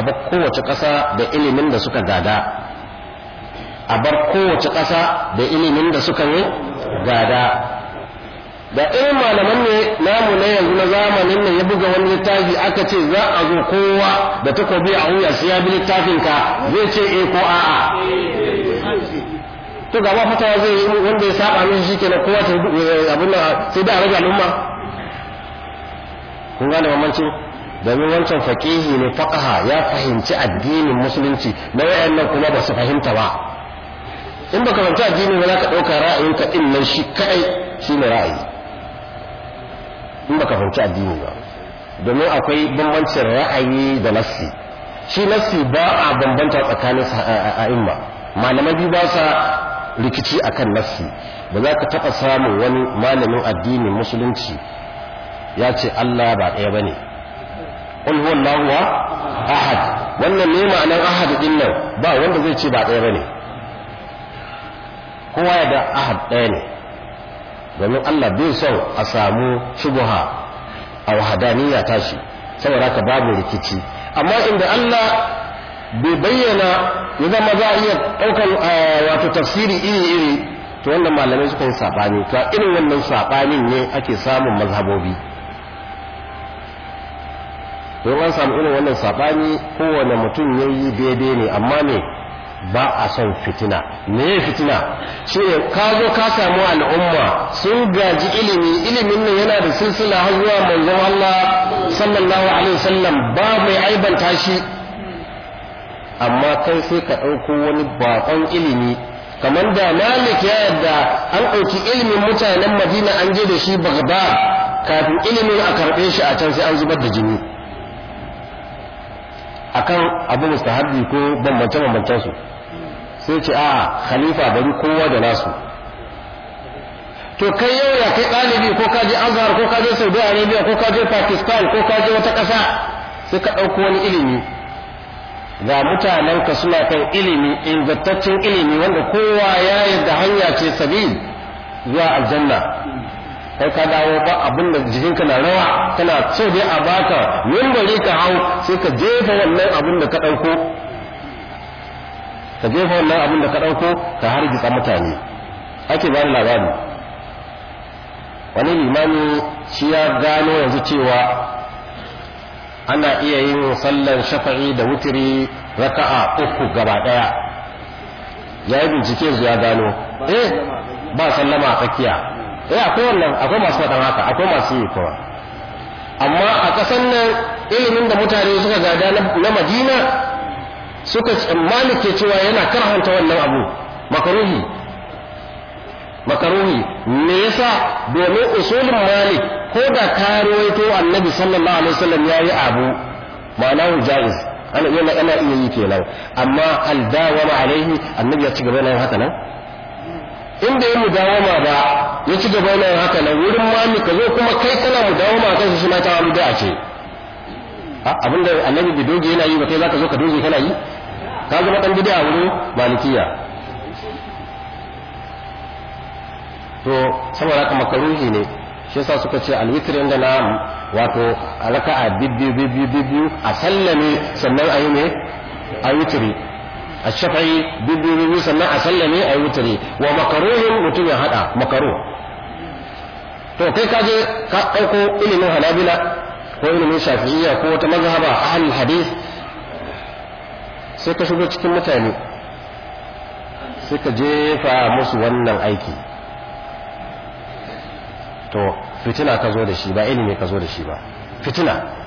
a bar kowace ƙasa da ilimin da suka gada a kowace ƙasa da ilimin da suka yi gada da irin malaman ne namu na yanzu na zamanin ne ya buga wani littafi aka ce za a zo kowa da takobi a wuya sai ya bi littafinka zai ce eh ko a'a to gaba fatawa zai yi wanda ya saba mishi shike na kowa ta eh, abin sai da a rage al'umma kun gane bambancin domin wancan fakihi ne faƙaha ya fahimci addinin musulunci na nan kuma ba su fahimta ba in ka fahimci addinin ba za ka ɗauka ka ɗin nan shi kai shi ne ra'ayi in ka fahimci addini ba domin akwai bambancin ra'ayi da nassi shi nassi ba a bambanta tsakanin a'imma malamai biyu ba sa rikici akan nassi ba za ka taɓa samun wani malamin addinin musulunci ya ce Allah ba ɗaya ba ne qul huwallahu ahad wannan ne ma'anar ahad din ba wanda zai ce ba ɗaya bane kowa ya da ahad ɗaya ne domin Allah bai son a samu shubuha a wahadaniya tashi saboda haka babu rikici amma inda Allah bai bayyana ya zama za a iya ɗaukar eh, wato tafsiri iri-iri to wannan malamai suka yi saɓani to irin wannan saɓanin ne ake samun mazhabobi don an samu irin wannan saɓani kowane mutum ya yi daidai ne amma ne ba a son fitina me ya fitina shi ne ka zo ka samu al'umma sun gaji ilimi ilimin nan yana da silsila har zuwa manzon Allah sallallahu alaihi wasallam ba mai aibanta shi amma kai sai ka ɗauko wani baƙon ilimi kamar da malik ya yadda an ɗauki ilimin mutanen madina an je da shi bagdad kafin ilimin a karɓe shi a can sai an zubar da jini akan abu mustahabbi ko bambance bambancen su sai ce a khalifa bari kowa da nasu to kai yau ya kai ɗalibi ko ka je azhar ko ka je saudi arabia ko ka je pakistan ko ka je wata ƙasa sai ka ɗauko wani ilimi ga ka suna kan ilimi ingantaccen ilimi wanda kowa ya yarda hanya ce sabil zuwa aljanna kai ka dawo ba abin da jikinka na rawa tana so dai a baka wanda ka hau sai ka jefa wannan abin da ka ɗauko ka jefa wannan abin da ka ɗauko ka hargitsa mutane ake ba ni labari wani limami shi ya gano yanzu cewa ana iya yin sallar shafa'i da wutiri raka'a uku gaba ɗaya ya yi bincike yanzu ya gano eh ba sallama a tsakiya ya eh, akwai wannan akwai masu faɗan haka akwai masu yi kowa. amma a ƙasan nan ilimin da mutane suka gada na madina suka ke cewa yana karhanta wannan abu makaruhi makaruhi me yasa domin usulin malik ko da ka rawaito annabi sallallahu alaihi wasallam yayi abu ma'anahu jaiz ana iya ana yi kenan amma al dawama alaihi annabi ya ci gaba nan haka nan in da ya mudawama ba ya ci gaba yana haka nan wurin mami ka zo kuma kai kana mudawama kan shi suna ta da'a ce abin da annabi bi doge yana yi ba kai za ka zo ka doge kana yi ka zama ɗan gida a wurin malikiya to saboda haka makaruhi ne shi yasa suka ce alwitr inda na wato raka'a bibbiyu bibbiyu bibbiyu a sallame sannan a yi ne a witri a shafa'i bibbiyu sannan a sallame a yi wutare wa makaruhin mutum ya hada makaru to kai ka je ka ɗauko ilimin hanabila ko ilimin shafi'iyya ko wata mazhaba ahlul hadith sai ka shigo cikin mutane sai ka jefa musu wannan aiki to fitina ka zo da shi ba ilimi ka zo da shi ba fitina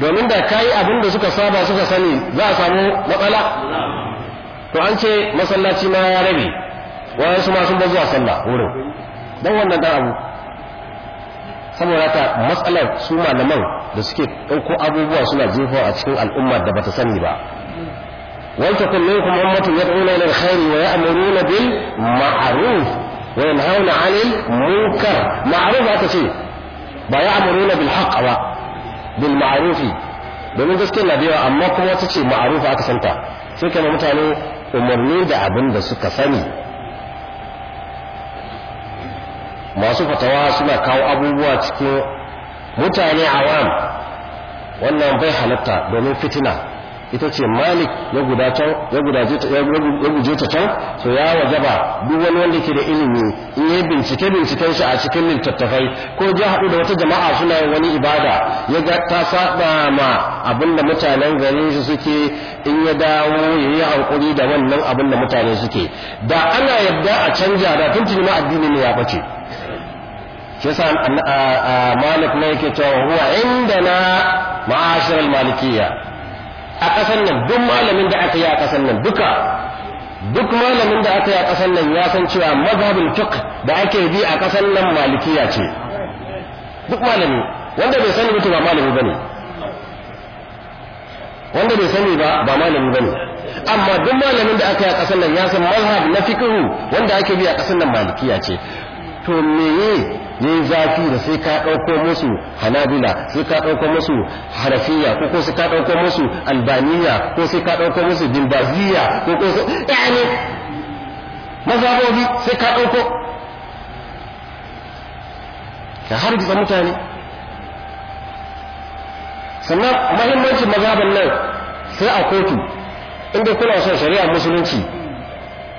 domin da ka yi abin da suka saba suka sani za a samu matsala to an ce masallaci ma ya rabe wayansu ma sun ba zuwa sallah wurin don wannan dan abu saboda ta matsalar su malaman da suke ɗauko abubuwa suna jefa a cikin al'umma da bata sani ba wanta kullum kuma ummatun yad'una ila alkhairi wa ya'muruna bil ma'ruf wa yanhauna 'anil munkar ma'ruf aka ce ba ya'muruna bil haqq ba bil ma'arufi domin gaskiya na da amma kuma wata ce ma'arufi aka santa sai kama mutane umarni da abin da suka sani masu fatawa suna kawo abubuwa cikin mutane awam wannan bai halatta domin fitina ita ce malik ya guje ta can to ya wajaba duk wani wanda ke da ilimi in yi bincike binciken shi a cikin littattafai ko ya haɗu da wata jama'a suna yin wani ibada ya ga ta saba ma abin da mutanen garin su suke in ya dawo ya yi hankuri da wannan abin da mutane suke da ana yadda a canja da tun tuni ma addini ne ya bace kisa malik ne yake cewa huwa malikiyya a ƙasan nan duk malamin da aka yi a ƙasan nan duka duk malamin da aka yi a ƙasar nan ya san cewa mazhabin fiqh da ake bi a ƙasar nan malikiya ce duk malami wanda bai sani ba ba malami bane wanda bai sani ba ba malami bane amma duk malamin da aka yi a ƙasar nan ya san mazhab na fiqh wanda ake bi a ƙasar nan malikiya ce to meye ya yi zafi da sai ka ɗauko musu hanabila sai ka ɗauko musu harafiya ko sai ka ɗauko musu albaniya ko sai ka ɗauko musu dimbaziya ko ko sai yani mazabobi sai ka ɗauko ka hargitsa mutane sannan mahimmancin mazaban nan sai a kotu inda kuna son shari'a musulunci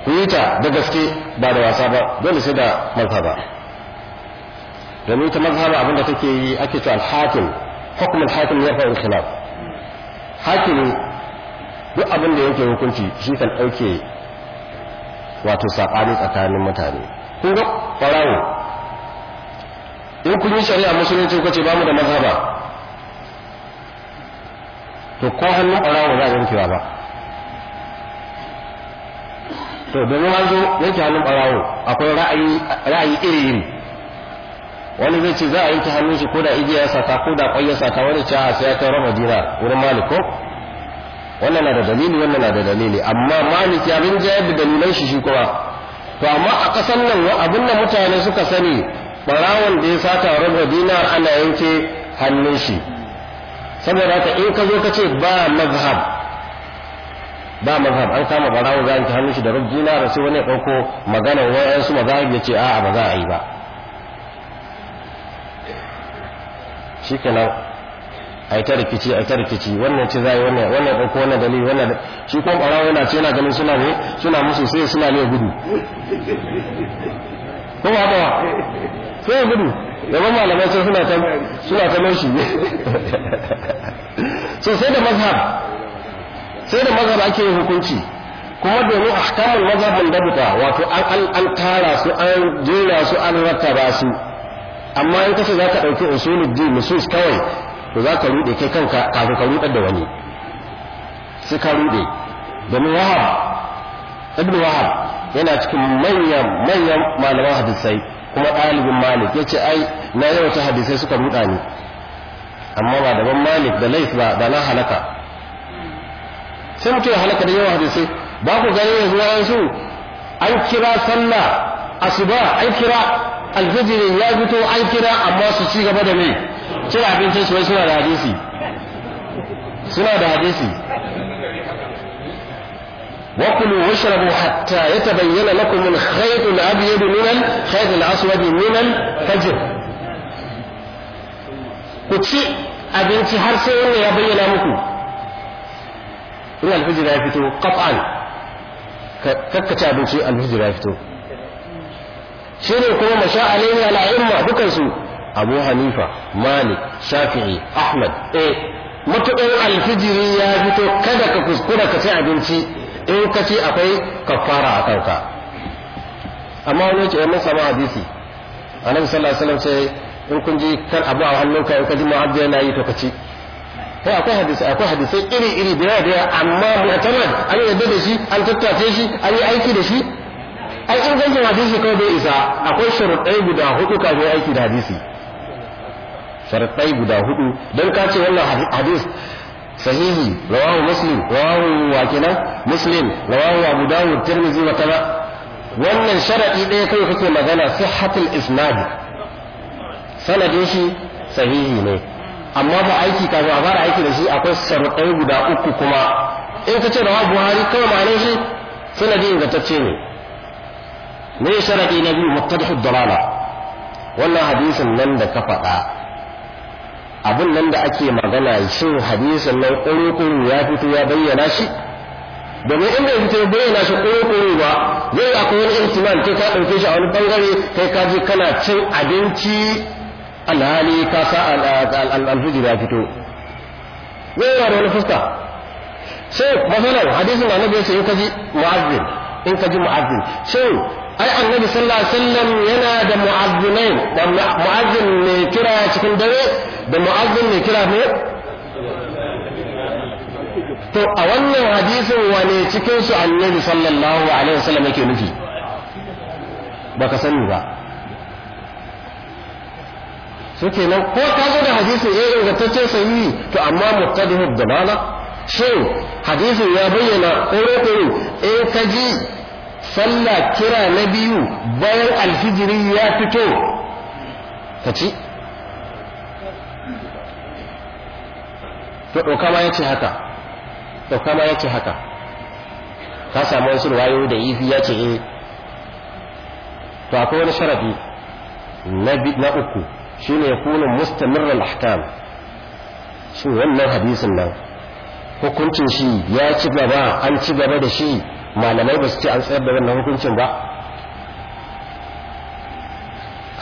ku yi ta da gaske ba da wasa ba dole sai da mazhaba domin ta mazhaba abin da take yi ake cewa al-hakim hukumul hakim ya fa'il khilaf hakim duk abin da yake hukunci shi kan ɗauke wato sakani tsakanin mutane kun ga farawo in kun yi shari'a musulunci kuka ce ba mu da mazhaba to ko hannun farawo ba za a yankewa ba so domin an zo yanke hannun ɓarawo akwai ra'ayi iri ne wani zai ce za a yanke hannun shi ko da igiya ya sata ko da ƙwai ya sata wani ce sai ya kai rama dina wurin malik ko wannan na da dalili wannan na da dalili amma malik ya rinjayar da dalilan shi shi kuma to amma a ƙasar nan abin da mutane suka sani ɓarawon da ya sata raba dinar ana yanke hannun shi saboda haka in ka zo ka ce ba mazhab ba mazhab an kama barawo za a hannun shi da rubdina da sai wani ya ɗauko maganar wayansu mazhab ya ce a'a ba za a yi ba shikenan ai ta rikici ai ta rikici wannan ce zai wannan wannan ɗauko wannan dalili wannan shi kuma barawo yana ce yana ganin suna ne suna musu sai suna ne gudu ko ba ba sai gudu yaban malamai sai suna ta suna ta shi so sai da mazhab sai da mazhab ake yin hukunci kuma domin ahkamul mazhab dabuta wato an an tara su an jera su an rattaba su amma in kace zaka dauki usuluddin nusus kawai to zaka rude kai kanka kafin ka rudar da wani sai ka rude domin wahab ibnu wahab yana cikin manyan manyan malaman hadisai kuma ɗalibin malik ya ce ai na yawata hadisai suka ruɗa ni amma ba daban malik da laif ba da na halaka sai mutum ya halaka da yawan hadisai ba ku gani yanzu wayansu an kira sallah asuba an kira alfijirin ya fito an kira amma su ci gaba da me cin abincin su suna da hadisi suna da hadisi وكلوا واشربوا حتى يتبين لكم الخيط الابيض من الخيط الاسود من الفجر ku ci abinci har sai wanda ya bayyana muku in alhijir ya fito kafan kakkace abinci alhijira ya fito shi ne kuma masha alaihi al'imma dukansu abu hanifa malik shafi'i ahmad eh matuƙar alfijiri ya fito kada ka kuskura ka ci abinci in ka ci akwai kafara a kanka amma wani yake yamin sama hadisi nan sallallahu alaihi wasallam sai in kun ji kan abu a hannunka in ka ji mu'addi yana yi to ka ci kai akwai hadisi akwai hadisai iri iri da yawa da yawa amma mu'tamad an yadda da shi an tattace shi an yi aiki da shi ai ingancin hadisi kawai bai isa akwai sharuɗai guda hudu kafin aiki da hadisi sharuɗai guda hudu don ka ce wannan hadis sahihi rawahu muslim rawahu wakina muslim rawahu abu dawud tirmidhi wa kaza wannan sharadi ɗaya kai kake magana sihhatul isnad sanadin shi sahihi ne amma ba aiki kafin a fara aiki da shi akwai sarƙai guda uku kuma in ka ce rawa buhari kawai ma'anin shi sanadi ingantacce ne me sharadi na biyu muttadhu dalala wannan hadisin nan da ka faɗa abin nan da ake magana shin hadisin nan ƙuruƙuru ya fito ya bayyana shi domin in bai fito bayyana shi ƙuruƙuru ba zai akwai wani intiman kai ka ɗauke shi a wani bangare kai ka je kana cin abinci alhali ka sa alfijir ya fito zai yana da wani fuska sai masalan hadisin da annabi yace in ka ji mu'azzin in ka ji mu'azzin shin ai annabi sallallahu alaihi wasallam yana da mu'azzinai da mu'azzin mai kira cikin dare da mu'azzin mai kira ne to a wannan hadisin wane cikin su annabi sallallahu alaihi wasallam yake nufi baka sani ba suke nan ko ka zo da hadisi eh ingantaccen sahihi to amma muqtadihu dalala shin hadisin ya bayyana ko in ka ji sallah kira na biyu bayan alfijiri ya fito ka ci to ɗauka ma ya ce haka ɗauka ma ya ce haka ka samu wasu ruwayo da ifi ya ce eh to akwai wani sharadi na uku ne yakunu mustamir al-ahkam shi wannan hadisin nan hukuncin shi ya ci gaba an ci gaba da shi malamai ba su ce an tsayar da wannan hukuncin ba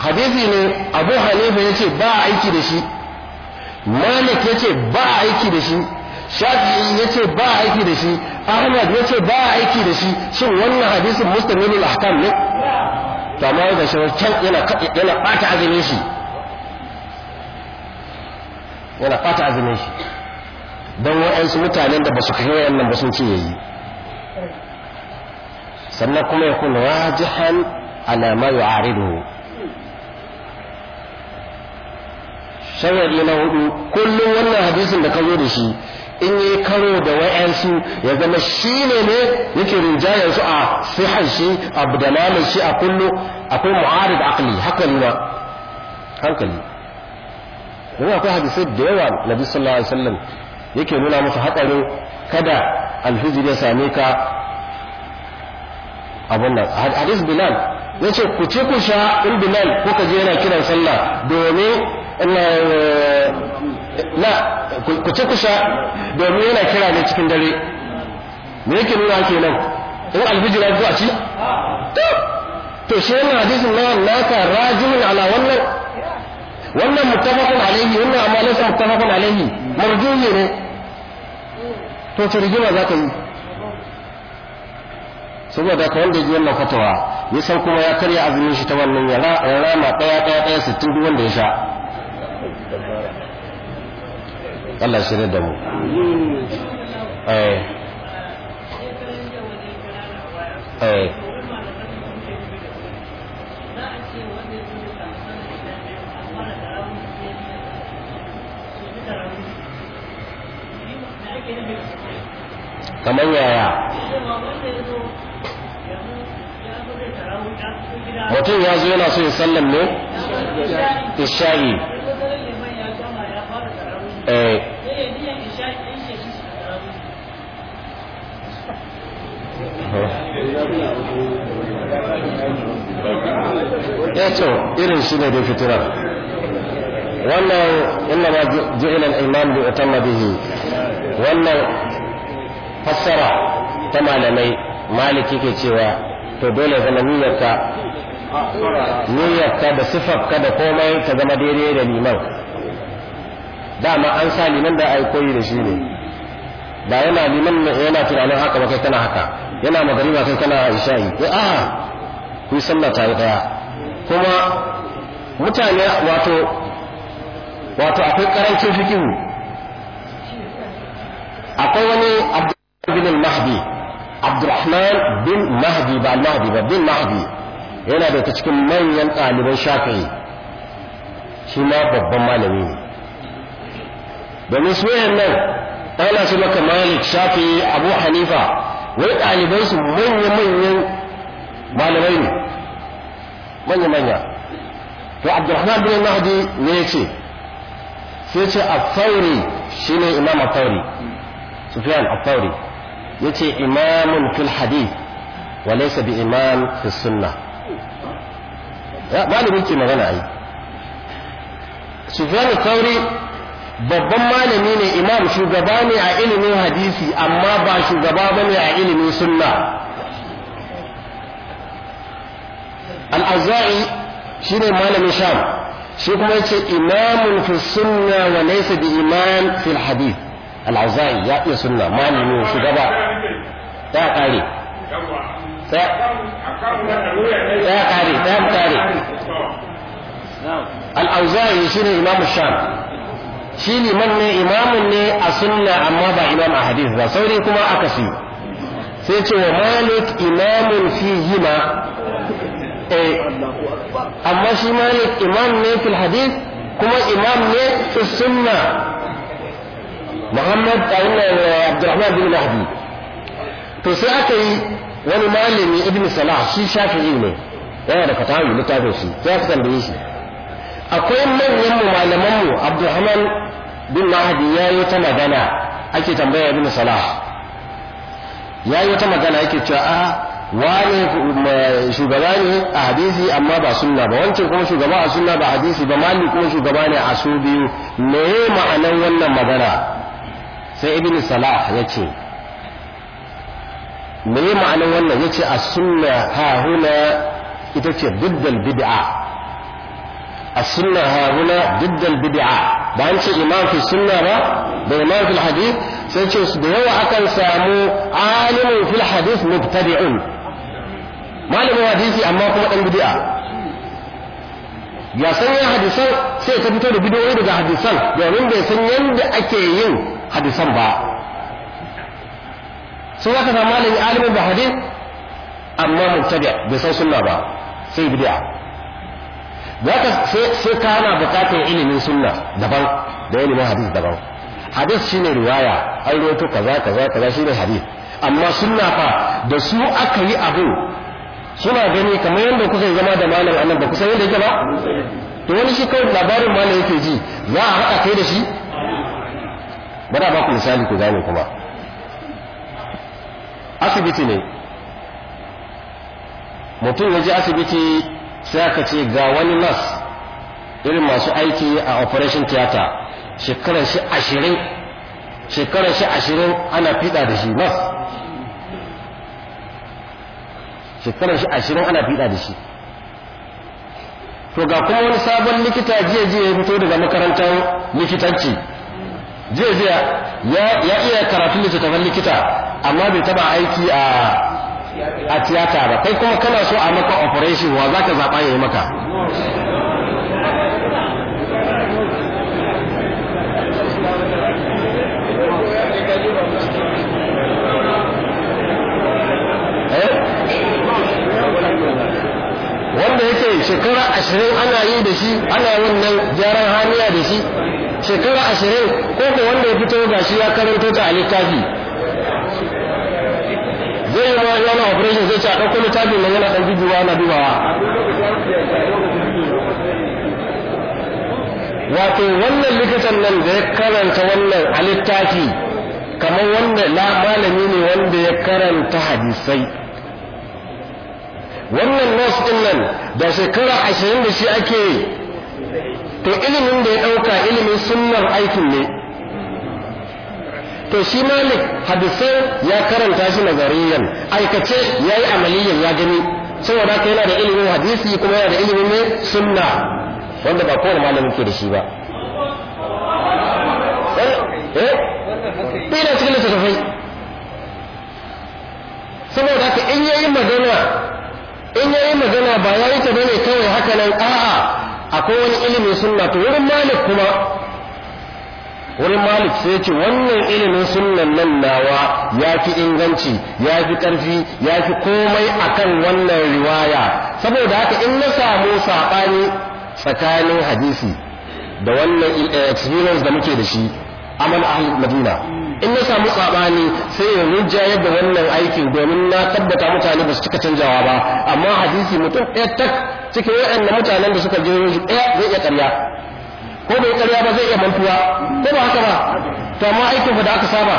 hadisi ne abu hanifa ya ce ba a aiki da shi malik ya ce ba a aiki da shi Shafi ya ce ba a aiki da shi ahmad ya ce ba a aiki da shi shin wannan hadisin mustamilul ahkam ne to amma da shi yana bata azumin shi yana fata azumin shi don waɗansu mutanen da ba su kai waɗannan ba sun ce ya yi sannan kuma ya kun rajihan ala ma yu'aridu shawari na hudu kullum wannan hadisin da ka zo da shi in yi karo da wa'yansu ya zama shi ne ne yake rinjayar su a sihan shi a budalalar shi a kullum akwai mu'arid aqli hankali na hankali Yana akwai hadisai da yawa na sallallahu alaihi wasallam yake nuna musu hatsarin kada alfijir ya same ka abun nan hadis bilal ya ce ku ci ku sha in bilal ko ka je yana kiran sallah domin eh, na ku ce ku sha domin yana kira ne cikin dare me yake nuna ake nan? in alfijir ya zo a ci to shi yana hadisin na ka rajimin ala wannan wannan mutafakun alaihi wannan amma mutafakun muttafaqun alaihi marjuhi ne to ta rigima za ka yi saboda ka wanda ji wannan fatawa ya san kuma ya karya azumin shi ta wannan ya rama ɗaya ɗaya ɗaya sittin tun wanda ya sha Allah ne da mu eh eh kamar yaya mutum ya zo yana so ya sallam ne isha'i eh ya ce irin shi ne da fitirar wannan inna ma ji'ila al-imam bi utamma bihi wannan fassara ta malamai maliki ke cewa to dole zama niyyarka niyyarka da sifarka da komai ta zama daidai da liman dama an sa liman da ai koyi da shi ne ba yana liman yana tunanin haka ba kai tana haka yana magariba kai tana isha'i ko a ku sallah tare daya kuma mutane wato wato akwai karancin fikihu أكوني عبد الرحمن بن المهدي عبد الرحمن بن مهدي بعد المهدي بعد المهدي هنا بتشكل من ينقع لبن شافعي شما ببما لمين بالنسبة لنا أنا سمك مالك شافعي أبو حنيفة ويقع لبن من يمين مالوين من يمين فعبد الرحمن بن المهدي ليتي سيتي الثوري شنو إمام الثوري sufyan al-thawri yace imamun fil hadith wa laysa bi imam fi sunnah ya malamin ki magana ai sufyan al-thawri babban malami ne imam shugaba ne a ilimin hadisi amma ba shugaba bane a ilimin sunna al-azza'i shine malamin sham shi kuma yace imamun fi sunna wa laysa bi imam fil hadith Al'azari ya iya sunna malami shugaba ta kare ta kare ta kare al'auzai shi ne imamu sham shi liman ne imamun ne a suna amma ba imam a hadith ba sauri kuma aka si sai ce wa malik imamun fi hima eh, amma shi malik imam ne fil hadith kuma imam ne fi sunna muhammad abd rahman bin mahdi to sai aka yi wani malami ibn salah shi shafi'i ne yana da fatawi littafin shi ya ka tambaye shi akwai manyan mu malaman mu abd rahman bin mahdi ya yi ta magana ake tambaya ibn salah ya yi ta magana ake cewa a wani shugaba ne a hadisi amma ba sunna ba wancan kuma shugaba a sunna ba hadisi ba mali kuma shugaba ne a su biyu me ma'anar wannan magana sai ibn salah ya ce me yi ma'anin wannan ya ce a sunna ha huna ita ce diddal bid'a a sunna ha huna diddal bid'a ba an ce imam fi sunna ba da imam fil hadith sai ce da yawa akan samu alimin fil hadith mubtadi'un malamin hadisi amma kuma dan bid'a ya san ya hadisan sai ta fito da bidiyoyi daga hadisan domin bai san yadda ake yin hadisan ba sai zaka samu malami alimin da hadis amma mubtadi bai san sunna ba sai bid'a zaka sai kana buƙatar ilimin sunna daban da ilimin hadis daban hadis shine riwaya an rawaito kaza kaza kaza shine hadis amma sunna fa da su aka yi abu suna gani kamar yadda kuka yi zama da malam annabi ba kusan yadda yake ba to wani shi kawai labarin malam yake ji za a haɗa kai da shi bari ba baku misali ku gane kuma asibiti ne mutum ya je asibiti sai aka ce ga wani nas irin masu aiki a operation theater shekarar shi ashirin shekarar shi ashirin ana fiɗa da shi nas shekarar shi ashirin ana fiɗa da shi to ga kuma wani sabon likita jiya jiya ya fito daga makarantar likitanci jiya jiya ya iya karatun littattafan likita amma bai taba aiki a a tiyata ba kai kuma kana so a maka operation wa zaka zaba yi maka eh? wanda yake shekara ashirin ana yi da shi ana wannan gyaran haniya da shi shekara ashirin ko ko wanda ya fito shi ya karanta ta a littafi zai yi ma yana operation zai ce a ɗauko littafi nan yana ɗan dubawa na dubawa wato wannan likitan nan da ya karanta wannan a littafi kamar wanda malami ne wanda ya karanta hadisai wannan nas ɗin nan da shekara ashirin da shi ake to ilimin da ya ɗauka ilimin sunnar aikin ne to shi malik hadisai ya karanta shi nazariyan aikace ya yi amaliyan ya gani saboda haka yana da ilimin hadisi kuma yana da ilimin ne sunna wanda ba kowane malamin ke da shi ba eh, eh? ina cikin littattafai saboda ka in yayi magana in yayi magana ba yayi ta bane kawai haka nan a'a akwai wani ilimin sunna to wurin malik kuma wurin malik sai ce wannan ilimin sunnan nan nawa ya fi inganci ya fi ƙarfi ya fi komai kan wannan riwaya saboda haka in na samu saɓani tsakanin hadisi da wannan eh, experience da muke da shi amal ahli madina in na samu sabani sai ya rujja yadda wannan aikin domin na tabbata mutane ba su cika canjawa ba amma hadisi mutum ɗaya tak cikin waɗanda mutanen da suka je shi ɗaya zai iya ƙarya ko bai ƙarya ba zai iya mantuwa ko ba haka ba to amma aikin fa da aka saba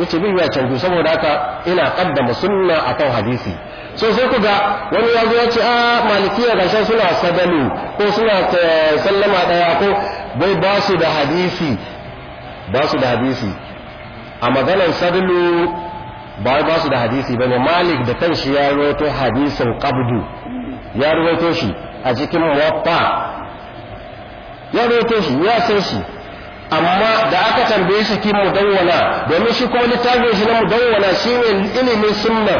yace bai ya canju saboda haka ina kaddama sunna akan hadisi so sai ku ga wani ya zo ya ce a ah, malikiya gashin suna sadalu ko suna eh, sallama ɗaya ko bai ba su da hadisi ba su da hadisi a maganar sadlu ba ba su da hadisi ba ne malik da kanshi ya rawaito hadisin qabdu ya rawaito shi a cikin muwatta ya rawaito shi ya san shi amma da aka tambaye shi kin mudawwana domin shi kuma littafin shi na mudawwana shine ilimin sunna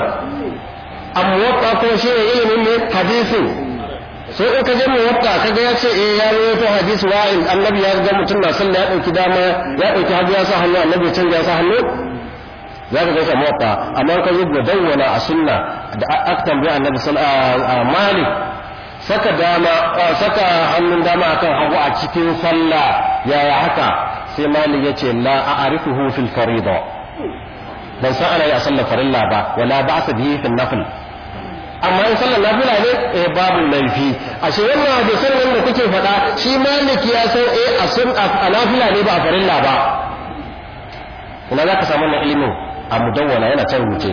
amma muwatta ko shine ilimin hadisin sai in ka je mu wata ka ga ya ce eh ya rawaito hadis wa'il annabi ya ga mutum na sallah ya dauki dama ya dauki hagu ya sa hannu annabi ya canja ya sa hannu za ka gaisa muwatta amma ka yi ga dawwala a sunna da aktan bi annabi sallallahu malik saka dama saka hannun dama akan hagu a cikin sallah yaya haka sai malik ya ce la a'rifuhu fil fariḍa ban san ana ya sallar farilla ba wala ba'sa bihi fil nafil amma in sallar nafila ne eh babu laifi ashe wannan hadisin nan da kuke faɗa shi maliki ya san eh a sun a nafila ne ba a farilla ba kuma za ka samu wannan ilimin a mudawwana yana can wuce.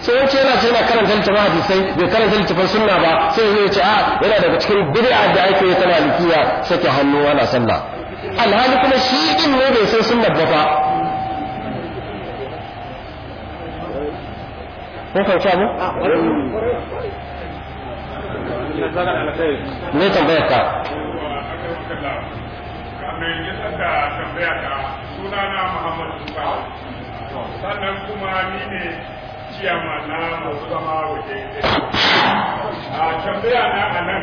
sai ya ce yana ce yana karanta littafin hadisai bai karanta littafin sunna ba sai ya ce a ah, yana daga cikin bid'a da ake yi ta malikiya sake hannu ana sallah alhali kuma shi din ne bai san sunna ba kun fahimci abu ah, me tambayar ka sunana Muhammad Sukawa sannan kuma ni ne ciyama na masu zama waje a tambaya na a nan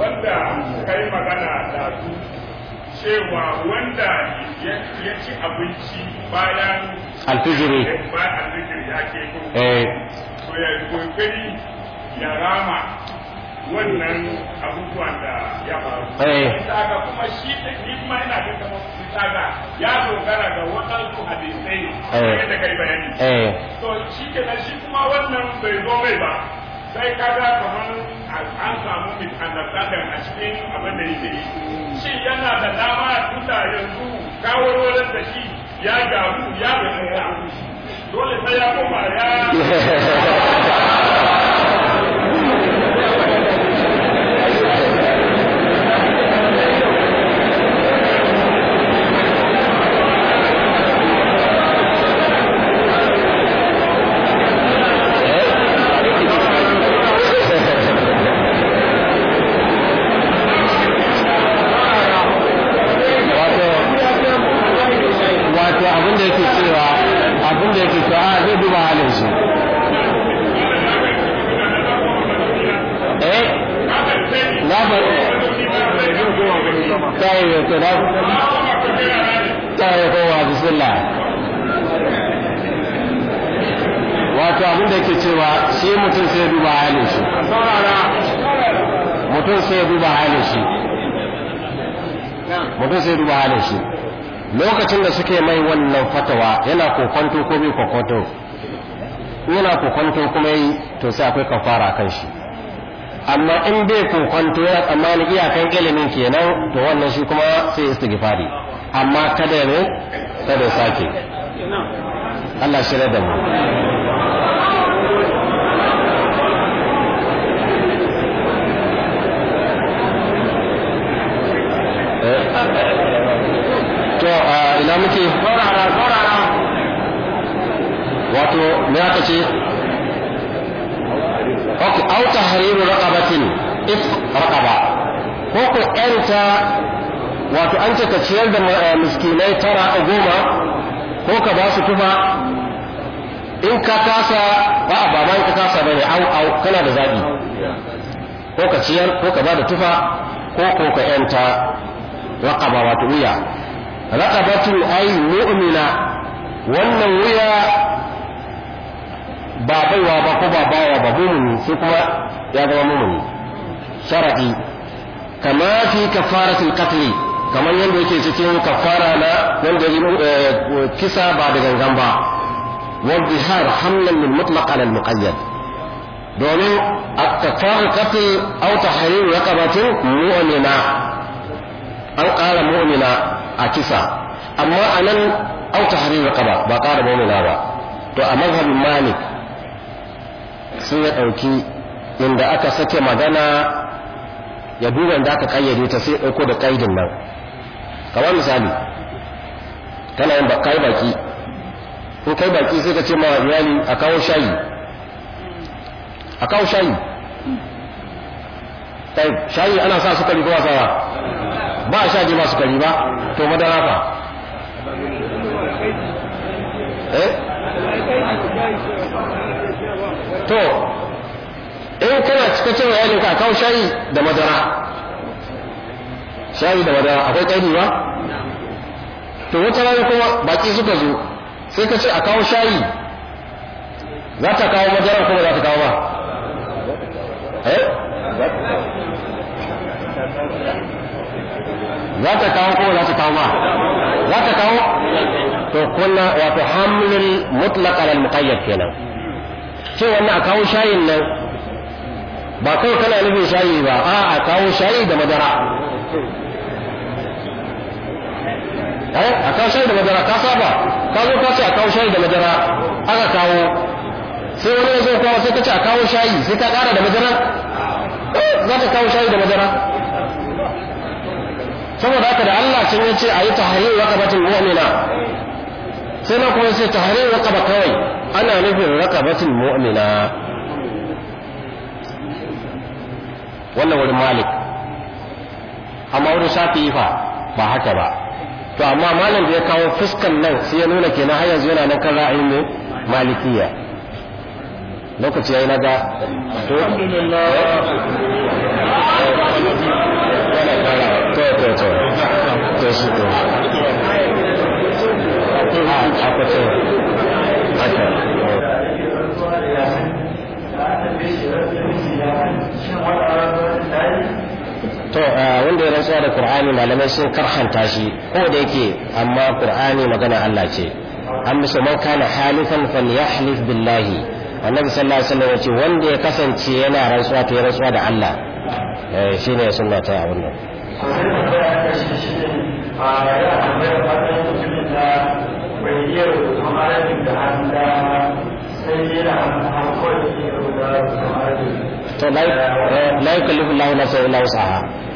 wanda yi magana da su cewa wanda ya ci abinci bayan alfijiri eh, ya ke ko eh. ya kokari ya rama wannan abubuwan da ya faru eh. saka kuma shi da himma yana da kama saka ya dogara ga waɗansu hadisai ne da kai bayani to shi kenan shi kuma wannan bai zo mai ba sai kaga kamar an samu misunderstanding a cikin abin da yake yi ce yana da dama ya tuta yanzu kawarwarar da shi ya gamu ya bai dole sai ya koma ya tawaye kenan tawaye kowa bismillah wato abin da yake cewa shi mutum sai duba halin shi mutum sai duba halin shi lokacin da suke mai wannan fatawa yana kokonto ko bai kokonto yana kokonto kuma yi to sai akwai kafara kan shi amma in bai kokonto yana tsammanin iyakan ilimin kenan to wannan shi kuma sai istighfari amma kada ne kada sake Allah shirya da mu eh, to ina muke wato me aka ce okay au tahriru raqabatin if raqaba ko ko enta wato an ce ka ciyar da eh, miskinai tara a goma ko ka ba su tufa in ka kasa ba a ba ka kasa bane au aw kana da zabi ko ka ciyar ko ka ba da tufa ko ko ka yanta raqaba wato wuya raqabatun ay mu'mina wannan wuya ba baiwa ba ko ba baya ba mumuni sai kuma ya zama mumuni sharadi kama fi kafaratul qatl kamar yadda yake cikin kafara na wanda eh, kisa ba da gangan ba wal bihar hamlan lil mutlaq ala al muqayyad domin at-kafaru qatl aw tahrir yaqabatu mu'mina an qala mu'mina a kisa amma anan aw tahrir yaqaba ba qala mu'mina ba to a mazhabin malik Sun ya ɗauki inda aka sake magana ya duba inda aka kayyade ta sai ɗauko da ƙaidin nan kamar misali kana yin kai baki ko kai baki sai ka ce ma iyali a kawo shayi a kawo shayi shayi ana sa sukari ko wasawa ba a sha ba sukari ba to madara fa eh to in kana cika cin yalinka a kawo shayi da madara shayi da madara akwai ƙaidi ba to wata rana kuma baki suka zo sai ka ce a kawo shayi za ta kawo madara kuma za ta kawo ba eh? za ta kawo kuma za ta kawo ba za ta kawo to kunna wato hamlin mutlaq al muqayyad kenan ce wannan a kawo shayin nan ba kai kana nufin shayi ba a a kawo shayi da madara eh, a kawo shayi da madara ka saba ka zo ka ce a kawo shayi da madara aka kawo sai wani ya zo kawo sai ka ce a kawo shayi sai ka kara da madara eh, za ka kawo shayi da madara saboda haka da Allah sun ya ce a yi tahrir waqabatul mu'mina sai na kuma sai tahrir raqaba kawai ana nufin raqabatul mu'mina wannan wurin malik amma wurin shafi fa ba haka ba to amma malam da ya kawo fuskan nan sai ya nuna kenan har yanzu yana nan kan ra'ayin ne malikiya lokaci yayi na ga alhamdulillah maganar malamai sun karhanta shi ko da yake amma kur'ani magana Allah ce an musu man kana halifan falyahlif billahi annabi sallallahu alaihi wasallam ce wanda ya kasance yana rantsuwa to ya rantsuwa da Allah eh shine sunna ta abin nan to lai lai lahu nafsa illa wusaha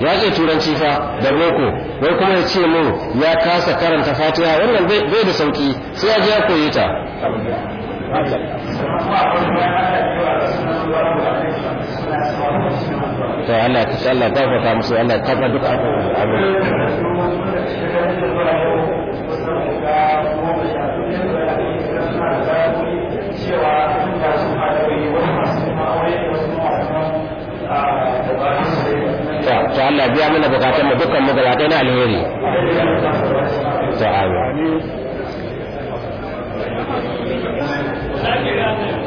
ya ce turanci fa da boko wai kuma ya ce mu ya kasa karanta fatiha wannan bai da sauki sai ya ji ya koyi ta to Allah ta ta fata musu Allah ta fata duk amin cewa da su wasu masu ma'aure wasu ma'aure ta Allah biya mana bukatun mu dukkan mu gaba na alheri to amin